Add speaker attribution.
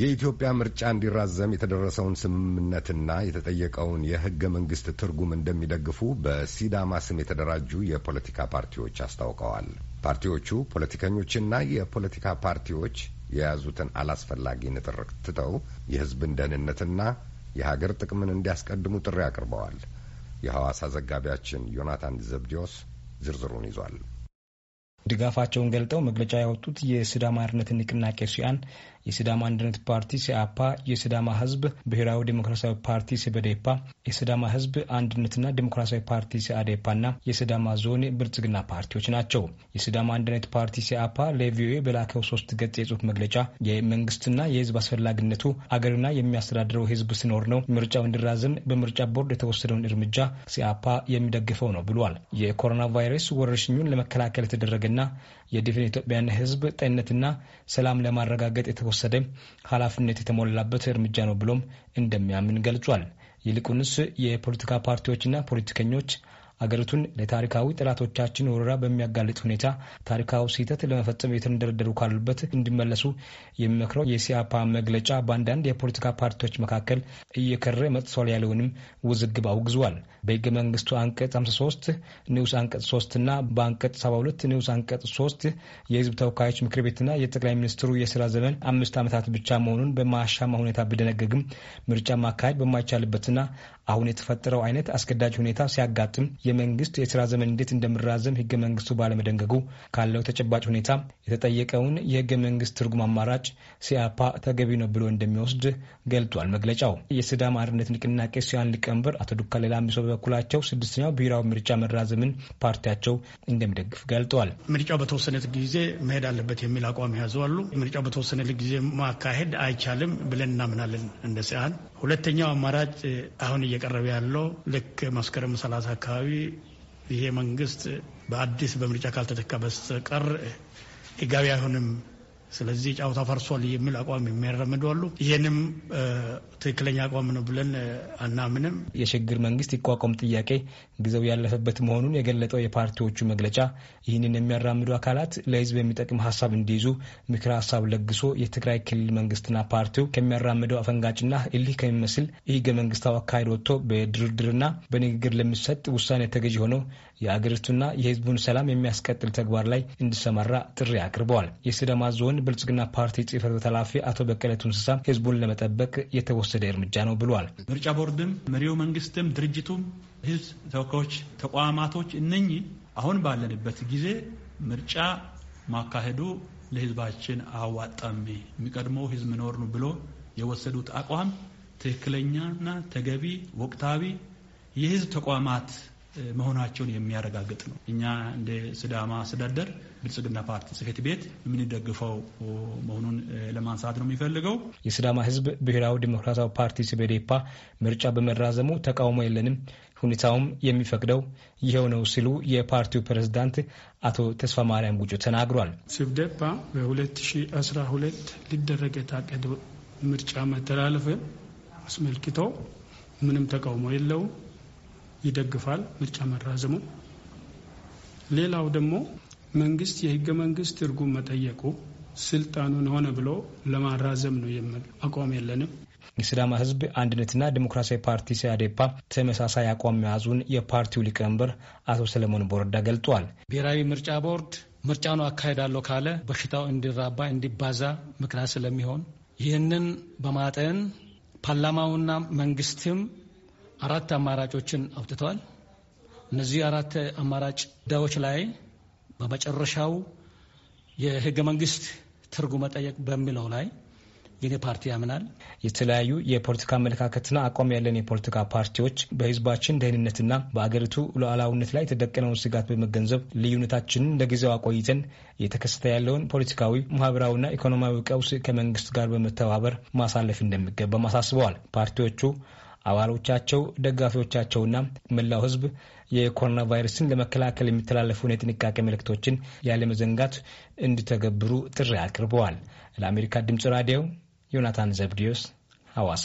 Speaker 1: የኢትዮጵያ ምርጫ እንዲራዘም የተደረሰውን ስምምነትና የተጠየቀውን የሕገ መንግሥት ትርጉም እንደሚደግፉ በሲዳማ ስም የተደራጁ የፖለቲካ ፓርቲዎች አስታውቀዋል። ፓርቲዎቹ ፖለቲከኞችና የፖለቲካ ፓርቲዎች የያዙትን አላስፈላጊ ንትርክ ትተው የሕዝብን ደህንነትና የሀገር ጥቅምን እንዲያስቀድሙ ጥሪ አቅርበዋል። የሐዋሳ ዘጋቢያችን ዮናታን ዘብዲዮስ ዝርዝሩን ይዟል። ድጋፋቸውን ገልጠው መግለጫ ያወጡት የሲዳማ አርነት ንቅናቄ ሲያን የሲዳማ አንድነት ፓርቲ ሲአፓ፣ የሲዳማ ህዝብ ብሔራዊ ዴሞክራሲያዊ ፓርቲ ሲበዴፓ፣ የሲዳማ ህዝብ አንድነትና ዴሞክራሲያዊ ፓርቲ ሲአዴፓና የሲዳማ ዞን ብልጽግና ፓርቲዎች ናቸው። የሲዳማ አንድነት ፓርቲ ሲአፓ ለቪኦኤ በላከው ሶስት ገጽ የጽሁፍ መግለጫ የመንግስትና የህዝብ አስፈላጊነቱ አገርና የሚያስተዳድረው ህዝብ ሲኖር ነው ምርጫው እንዲራዘም በምርጫ ቦርድ የተወሰደውን እርምጃ ሲአፓ የሚደግፈው ነው ብሏል። የኮሮና ቫይረስ ወረርሽኙን ለመከላከል የተደረገና የድፍን ኢትዮጵያን ህዝብ ጤንነትና ሰላም ለማረጋገጥ የተወ የተወሰደ ኃላፊነት የተሞላበት እርምጃ ነው ብሎም እንደሚያምን ገልጿል። ይልቁንስ የፖለቲካ ፓርቲዎችና ፖለቲከኞች አገሪቱን ለታሪካዊ ጠላቶቻችን ወረራ በሚያጋልጥ ሁኔታ ታሪካዊ ስህተት ለመፈጸም የተንደረደሩ ካሉበት እንዲመለሱ የሚመክረው የሲያፓ መግለጫ በአንዳንድ የፖለቲካ ፓርቲዎች መካከል እየከረ መጥቷል ያለውንም ውዝግብ አውግዟል። በህገ መንግስቱ አንቀጽ 53 ንዑስ አንቀጽ 3 እና በአንቀጽ 72 ንዑስ አንቀጽ 3 የህዝብ ተወካዮች ምክር ቤትና የጠቅላይ ሚኒስትሩ የስራ ዘመን አምስት ዓመታት ብቻ መሆኑን በማያሻማ ሁኔታ ቢደነገግም ምርጫ ማካሄድ በማይቻልበትና አሁን የተፈጠረው አይነት አስገዳጅ ሁኔታ ሲያጋጥም የመንግስት የስራ ዘመን እንዴት እንደሚራዘም ህገ መንግስቱ ባለመደንገጉ ካለው ተጨባጭ ሁኔታ የተጠየቀውን የህገ መንግስት ትርጉም አማራጭ ሲያፓ ተገቢ ነው ብሎ እንደሚወስድ ገልጧል። መግለጫው የሲዳማ አርነት ንቅናቄ ሲያን ሊቀመንበር አቶ ሌላ ሚሶ በበኩላቸው ስድስተኛው ብሔራዊ ምርጫ መራዘምን ፓርቲያቸው እንደሚደግፍ ገልጠዋል። ምርጫው በተወሰነ ጊዜ መሄድ አለበት የሚል አቋም ያዘዋሉ። ምርጫው በተወሰነ ጊዜ ማካሄድ አይቻልም ብለን እናምናለን እንደ ሲያን ሁለተኛው አማራጭ አሁን እየቀረበ ያለው ልክ መስከረም ሰላሳ አካባቢ ይሄ መንግስት በአዲስ በምርጫ ካልተተካ በስተቀር ህጋዊ አይሆንም ስለዚህ ጫውታ ፈርሷል የሚል አቋም የሚያራምዱ አሉ። ይህንም ትክክለኛ አቋም ነው ብለን አናምንም። የሽግግር መንግስት ይቋቋም ጥያቄ ጊዜው ያለፈበት መሆኑን የገለጠው የፓርቲዎቹ መግለጫ ይህንን የሚያራምዱ አካላት ለህዝብ የሚጠቅም ሀሳብ እንዲይዙ ምክረ ሀሳብ ለግሶ የትግራይ ክልል መንግስትና ፓርቲው ከሚያራምደው አፈንጋጭና እልህ ከሚመስል የህገ መንግስታዊ አካሄድ ወጥቶ በድርድርና በንግግር ለሚሰጥ ውሳኔ ተገዥ ሆነው የአገሪቱና የህዝቡን ሰላም የሚያስቀጥል ተግባር ላይ እንዲሰማራ ጥሪ አቅርበዋል። የስደማ ዞን ብልጽግና ፓርቲ ጽህፈት ቤት ኃላፊ አቶ በቀለ ቱንስሳ ህዝቡን ለመጠበቅ የተወሰደ እርምጃ ነው ብሏል። ምርጫ ቦርድም መሪው መንግስትም ድርጅቱም ህዝብ ተወካዮች ተቋማቶች እነኚህ አሁን ባለንበት ጊዜ ምርጫ ማካሄዱ ለህዝባችን አዋጣሚ የሚቀድመው ህዝብ መኖር ነው ብሎ የወሰዱት አቋም ትክክለኛና ተገቢ ወቅታዊ የህዝብ ተቋማት መሆናቸውን የሚያረጋግጥ ነው። እኛ እንደ ስዳማ አስተዳደር ብልጽግና ፓርቲ ጽሕፈት ቤት የምንደግፈው መሆኑን ለማንሳት ነው የሚፈልገው። የስዳማ ህዝብ ብሔራዊ ዲሞክራሲያዊ ፓርቲ ስቤዴፓ ምርጫ በመራዘሙ ተቃውሞ የለንም፣ ሁኔታውም የሚፈቅደው ይኸው ነው ሲሉ የፓርቲው ፕሬዝዳንት አቶ ተስፋ ማርያም ጉጆ ተናግሯል። ስብደፓ በ2012 ሊደረግ የታቀደ ምርጫ መተላለፍ አስመልክተው ምንም ተቃውሞ የለውም ይደግፋል ምርጫ መራዘሙ። ሌላው ደግሞ መንግስት የህገ መንግስት ትርጉም መጠየቁ ስልጣኑን ሆነ ብሎ ለማራዘም ነው የሚል አቋም የለንም። የስላማ ህዝብ አንድነትና ዲሞክራሲያዊ ፓርቲ ሲያዴፓ ተመሳሳይ አቋም መያዙን የፓርቲው ሊቀመንበር አቶ ሰለሞን ቦረዳ ገልጧል። ብሔራዊ ምርጫ ቦርድ ምርጫኑ አካሄዳለሁ ካለ በሽታው እንዲራባ እንዲባዛ ምክንያት ስለሚሆን ይህንን በማጠን ፓርላማውና መንግስትም አራት አማራጮችን አውጥተዋል። እነዚህ አራት አማራጭ ዳዎች ላይ በመጨረሻው የህገ መንግስት ትርጉም መጠየቅ በሚለው ላይ የኔ ፓርቲ ያምናል። የተለያዩ የፖለቲካ አመለካከትና አቋም ያለን የፖለቲካ ፓርቲዎች በህዝባችን ደህንነትና በአገሪቱ ሉዓላዊነት ላይ የተደቀነውን ስጋት በመገንዘብ ልዩነታችንን ለጊዜው አቆይተን የተከሰተ ያለውን ፖለቲካዊ፣ ማህበራዊና ኢኮኖሚያዊ ቀውስ ከመንግስት ጋር በመተባበር ማሳለፍ እንደሚገባም አሳስበዋል። ፓርቲዎቹ አባሎቻቸው፣ ደጋፊዎቻቸውና መላው ህዝብ የኮሮና ቫይረስን ለመከላከል የሚተላለፉን የጥንቃቄ መልእክቶችን ያለመዘንጋት እንዲተገብሩ ጥሪ አቅርበዋል። ለአሜሪካ ድምፅ ራዲዮ ዮናታን ዘብዲዮስ ሐዋሳ